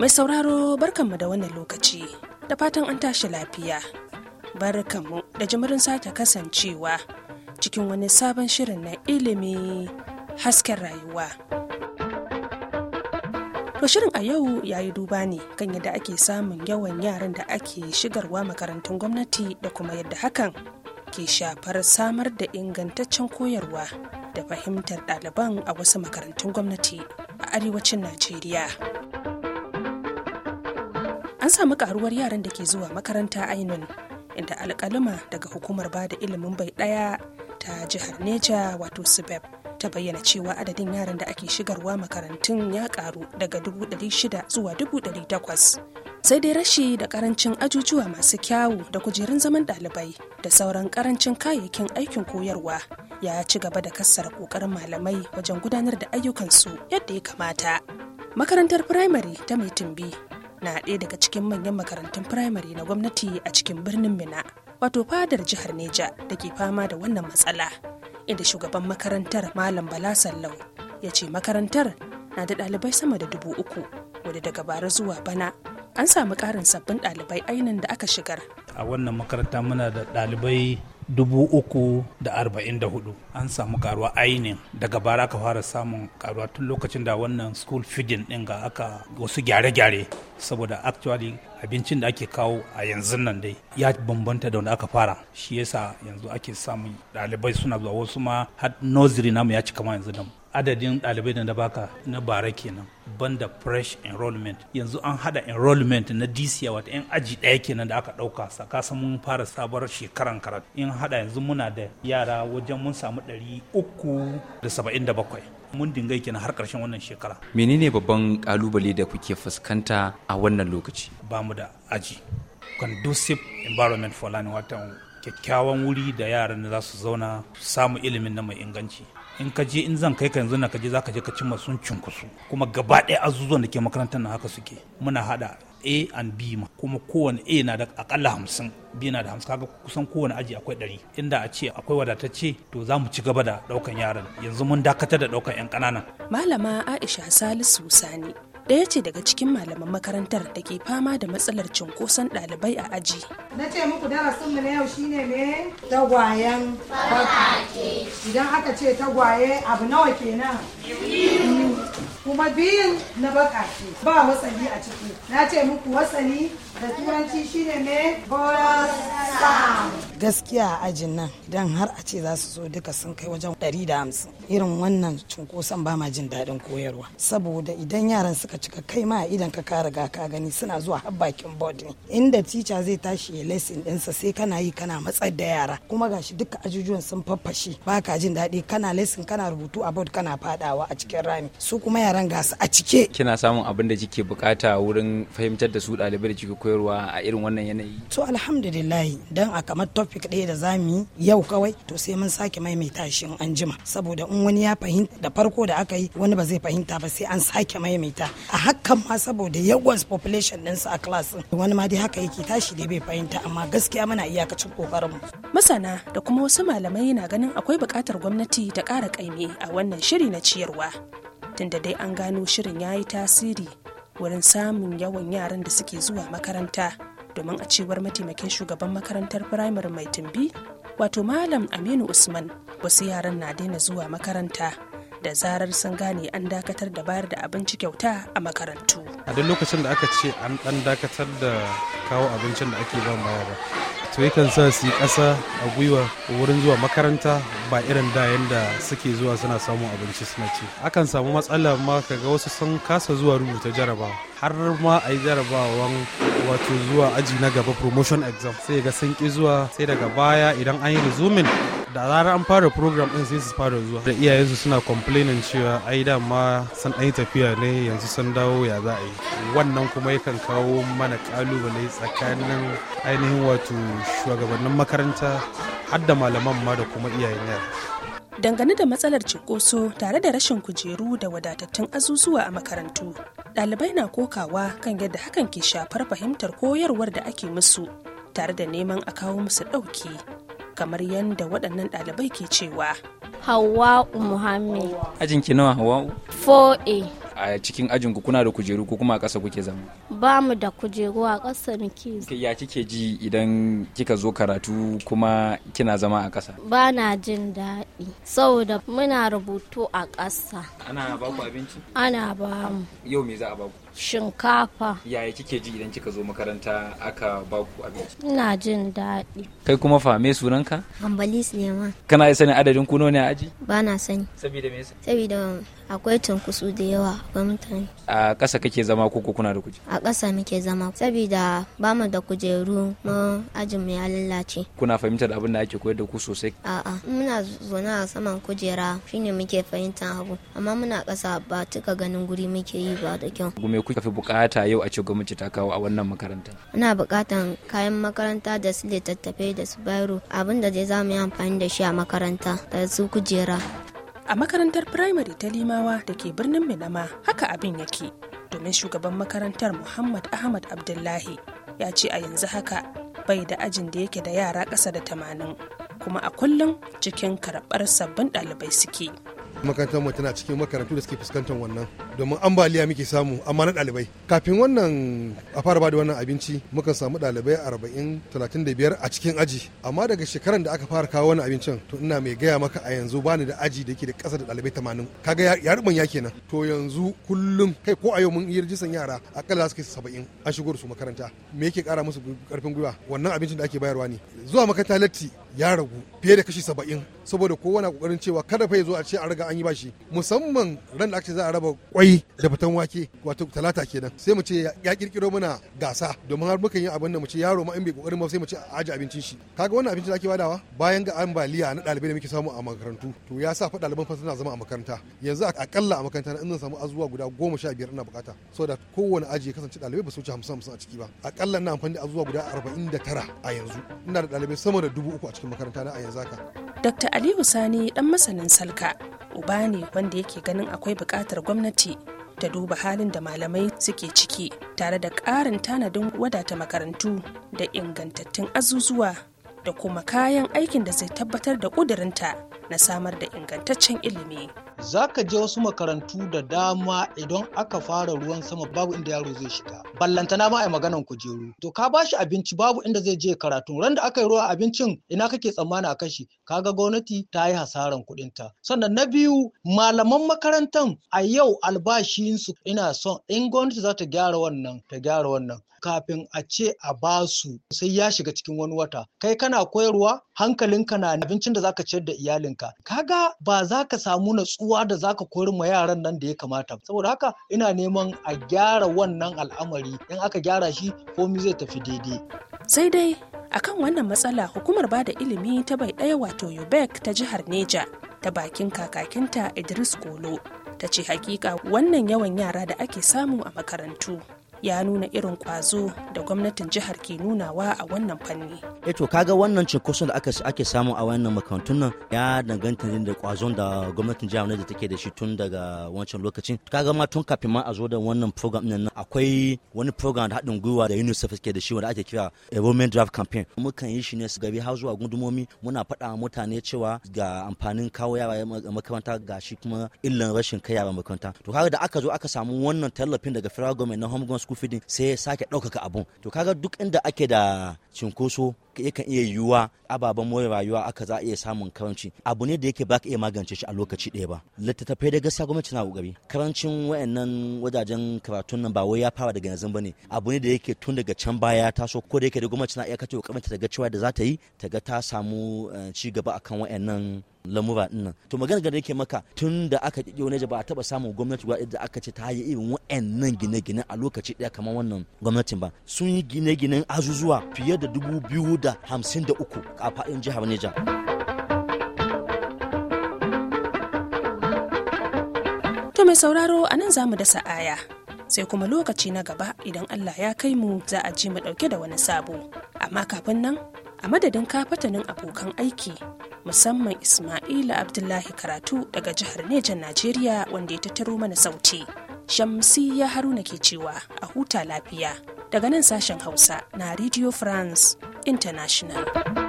Mai sauraro barkanmu da wannan lokaci, da fatan an tashi lafiya. Barkanmu da jimirin sata kasancewa cikin wani sabon shirin na ilimi hasken rayuwa. To shirin a yau ya yi duba ne kan yadda ake samun yawan yaran da ake shigarwa makarantun gwamnati da kuma yadda hakan ke shafar samar da ingantaccen koyarwa da fahimtar ɗaliban a wasu makarantun gwamnati a arewacin Najeriya. an samu karuwar yaran da ke zuwa makaranta ainun inda alkalima daga hukumar ba da ilimin bai daya ta jihar neja wato subeb ta bayyana cewa adadin yaran da ake shigarwa makarantun ya karu daga 600 zuwa 800 sai dai rashi da karancin ajujuwa masu kyawu da kujerun zaman dalibai da sauran karancin kayayyakin aikin koyarwa ya ci gaba da kassara kokarin malamai wajen gudanar da ayyukansu yadda ya kamata makarantar firamare ta mai tumbi na ɗaya daga cikin manyan makarantun firamare na gwamnati a cikin birnin Mina, wato fadar jihar Neja da ke fama da wannan matsala, inda shugaban makarantar Malam Bala Sallau ya ce makarantar na da ɗalibai sama da dubu uku, wadda daga bara zuwa bana an samu ƙarin sabbin ɗalibai ainin da aka shigar. A wannan makaranta muna da ɗalibai 344 an samu karuwa ainihin daga bara aka fara samun karuwa tun lokacin da wannan school feeding din ga aka wasu gyare-gyare saboda actually abincin da ake kawo a yanzu nan dai ya bambanta da wanda aka fara shi yasa yanzu ake samun ɗalibai suna zuwa wasu ma har nursery namu ya ci kama yanzu nan adadin ɗalibai da na baka na bara kenan banda fresh enrollment yanzu an hada enrollment na DCA wata yan aji ɗaya kenan da aka ɗauka saka mun fara sabar shekaran karatu in hada yanzu muna da yara wajen mun samu ɗari uku da saba'in da bakwai mun dinga kenan har ƙarshen wannan shekara. Menene babban ƙalubale da kuke fuskanta a wannan lokaci? Ba mu da aji. Conducive environment for learning kyakkyawan wuri da yaran za su zauna samu ilimin na mai inganci in ka je in zan kai ka yanzu na ka je za ka je ka cimma sun cunkusu kuma gaba ɗaya azuzuwan da ke makarantar na haka suke muna hada a and b ma kuma kowane a na da akalla hamsin b na da hamsin kaga kusan kowane aji akwai ɗari inda a ce akwai wadatacce to za mu ci gaba da ɗaukan yaran yanzu mun dakatar da ɗaukan 'yan ƙananan malama aisha salisu sani ɗaya ce daga cikin malaman makarantar da ke fama da matsalar cunkoson ɗalibai a aji. Na ce muku mu na yau shine me tagwayen Idan aka ce tagwaye abu nawa kenan? kuma biyun na ce ba wasani a ciki na ce muku wasani da turanci shine ne gaskiya a ajin nan idan har a ce za su zo duka sun kai wajen 150 irin wannan cunkoson ba ma jin daɗin koyarwa saboda idan yaran suka cika kai ma idan ka kara ga ka gani suna zuwa har bakin board ne inda tica zai tashi ya lesson ɗinsa sai kana yi kana matsar da yara kuma gashi duka ajujuwan sun faffashe ba ka jin daɗi kana lesson kana rubutu a board kana fadawa a cikin rami su kuma yara yaran ga a cike kina samun abin da kike bukata wurin fahimtar da su ɗalibai da kike koyarwa a irin wannan yanayi to alhamdulillah dan a kamar topic ɗaya da zamu yi yau kawai to sai mun sake maimaita shi in an jima saboda in wani ya fahimta da farko da aka yi wani ba zai fahimta ba sai an sake maimaita a hakan ma saboda yawan population ɗinsu a class wani ma dai haka yake tashi dai bai fahimta amma gaskiya muna iyakacin kokarin masana da kuma wasu malamai na ganin akwai bukatar gwamnati ta ƙara ƙaimi a wannan shiri na ciyarwa tunda dai an gano shirin ya yi tasiri wurin samun yawan yaran da suke zuwa makaranta domin a cewar mataimakin shugaban makarantar firamare mai tumbi wato malam aminu usman wasu yaran na daina zuwa makaranta da zarar sun gane an dakatar da bayar da abinci kyauta a makarantu a duk lokacin da aka ce an dan dakatar da kawo abincin da ake ba ba to yakan sa su yi ƙasa a gwiwa wurin zuwa makaranta ba irin da yanda suke zuwa suna samun abinci suna ci akan samu matsala ma kaga wasu sun kasa zuwa rubuta jarabawa har ma a yi jarabawan wato zuwa aji na gaba promotion exam sai ga sun ki zuwa sai daga baya idan an yi resuming da zarar an fara program din sai su fara zuwa da iyayen su suna complainin cewa ai da ma san ɗan tafiya ne yanzu sun dawo ya za a yi wannan kuma yakan kawo mana kalubale tsakanin ainihin wato shugabannin makaranta har da malaman ma da kuma iyayen yara dangane da matsalar cikoso tare da rashin kujeru da wadatattun azuzuwa a makarantu ɗalibai na kokawa kan yadda hakan ke shafar fahimtar koyarwar da ake musu tare da neman a kawo musu ɗauki kamar yadda waɗannan ɗalibai ke cewa. Hawa'u Muhammad. Ajin ki nawa Hawa'u? 4A. A cikin ajin ku kuna da kujeru ko kuma a ƙasa kuke zama? Ba mu da kujeru a ƙasa muke. Ya kike ji idan kika zo karatu kuma kina zama a ƙasa? Ba na jin daɗi saboda muna rubutu a ƙasa. Ana ba ku abinci? Ana ba mu. Yau me za a ba ku? shinkafa yaya kike ji idan kika zo makaranta aka ba ku abinci ina jin daɗi kai kuma fa me sunanka gambali suleiman kana yi sani adadin kuno ne a aji ba na sani saboda me yasa saboda akwai tunkusu da yawa akwai mutane a ƙasa kake zama ko ko kuna da kuje a ƙasa muke zama saboda ba mu da kujeru mu ajin mu ya lalace kuna fahimtar abin da ake koyar da ku sosai a'a muna zaune a saman kujera shine muke fahimtar abu amma muna ƙasa ba tuka ganin guri muke yi ba da kyau me kuka bukata yau a ce gwamnati ta kawo a wannan makaranta ina bukatan kayan makaranta da su littattafai da su bayro abin da zai zamu yi amfani da shi a makaranta da su kujera a makarantar firamare ta limawa da ke birnin minama haka abin yake domin shugaban makarantar muhammad ahmad abdullahi ya ce a yanzu haka bai da ajin da yake da yara ƙasa da tamanin kuma a kullum cikin karɓar sabbin ɗalibai suke makarantar mu tana cikin makarantu da suke fuskantar wannan domin ambaliya muke samu amma na dalibai kafin wannan a fara bada wannan abinci muka samu dalibai arba'in talatin da biyar a cikin aji amma daga shekaran da aka fara kawo wannan abincin to ina mai gaya maka a yanzu bani da aji da yake da ƙasa da dalibai tamanin kaga ya rubun ya kenan to yanzu kullum kai ko a yau mun yi rijistan yara akalla su kai saba'in an shigo da su makaranta me yake kara musu karfin gwiwa wannan abincin da ake bayarwa ne zuwa makaranta latti ya ragu fiye da kashi saba'in saboda kowa na kokarin cewa kada fa ya zo a ce an riga an yi bashi musamman ran da aka ce za a raba kwai da fatan wake wato talata kenan sai mu ce ya kirkiro mana gasa domin har mukan yi abin da mu ce yaro ma in bai kokarin ba sai mu ce a aje abincin shi kaga wannan abincin da ake badawa bayan ga ambaliya na dalibai da muke samu a makarantu to ya sa fa daliban fa suna zama a makaranta yanzu akalla a makaranta na in samu azuwa guda goma sha biyar ina bukata saboda kowane aji ya kasance dalibai ba su wuce hamsin hamsin a ciki ba akalla na amfani da azuwa guda arba'in da tara a yanzu ina da dalibai sama da dubu uku a cikin makaranta na a Dr. Aliyu Sani dan masanin salka uba ne wanda yake ganin akwai buƙatar gwamnati ta duba halin da malamai suke ciki tare da ƙarin tanadin wadata makarantu da ingantattun azuzuwa da kuma kayan aikin da zai tabbatar da ƙudurinta na samar da ingantaccen ilimi. Za ka je wasu makarantu da dama idan aka fara ruwan sama babu inda yaro zai shiga. ballantana ma ai maganan kujeru to ka bashi abinci babu inda zai je karatu ran da aka yi ruwa abincin ina kake tsammani a kashi kaga gwamnati ta yi hasaran ta sannan na biyu malaman makarantan a yau albashinsu ina son in gwamnati za ta gyara wannan ta gyara wannan kafin a ce a ba su sai ya shiga cikin wani wata kai kana koyarwa hankalinka na abincin da zaka ciyar da iyalinka kaga ba za ka samu natsuwa da zaka koyar ma yaran nan da ya kamata saboda haka ina neman a gyara wannan al'amari yi in aka gyara shi komi zai tafi daidai sai dai akan wannan matsala hukumar ba da ilimi ta bai ɗaya wato yobek ta jihar neja ta bakin kakakinta idris kolo ta ce hakika wannan yawan yara da ake samu a makarantu ya nuna irin kwazo da gwamnatin jihar ke nunawa a wannan fanni. E to kaga wannan cinkoson da aka ake samu a wannan makarantun nan ya danganta ne da kwazon da gwamnatin jihar da take da shi tun daga wancan lokacin. Kaga ma tun kafin ma a zo da wannan program nan akwai wani program da haɗin gwiwa da UNICEF ke da shi wanda ake kira Women Draft Campaign. Mukan yi shi ne su gabi har zuwa gundumomi muna faɗa mutane cewa ga amfanin kawo yara makaranta ga shi kuma illan rashin kai yara makaranta. To kaga da aka zo aka samu wannan tallafin daga federal government na home school din sai ya sake ɗaukaka abun to kaga duk inda ake da cinkoso yakan iya yiwuwa ababen more rayuwa aka za a iya samun karanci abu ne da yake baka iya magance shi a lokaci ɗaya ba littattafai da gaskiya gwamnati na kokari karancin wayannan wajajen karatun nan ba wai ya fara daga yanzu bane abu ne da yake tun daga can baya ta so ko da yake da gwamnati na iya kace kokarin ta ga cewa da za ta yi ta ga ta samu eh, ci gaba akan wayannan lamura dinnan to magana da yake maka tun da aka kike wani ba a taba samun gwamnati guda da aka ce ta yi irin wa'annan gine-gine a lokaci ɗaya kamar wannan gwamnatin ba sun yi gine gine azuzuwa fiye da dubu biyu da hamsin da uku a faɗin jihar Neja. To mai sauraro a nan zamu mu da sa'aya sai kuma lokaci na gaba idan Allah ya kai mu za a ji mu ɗauke da wani sabo amma kafin nan a madadin kafatanin abokan aiki musamman Ismaila Abdullahi Karatu daga jihar Nejan Najeriya wanda ya tattaro mana sauti. shamsi Shamsiyya Haruna ke cewa a huta lafiya daga nan sashen Hausa na Radio France International.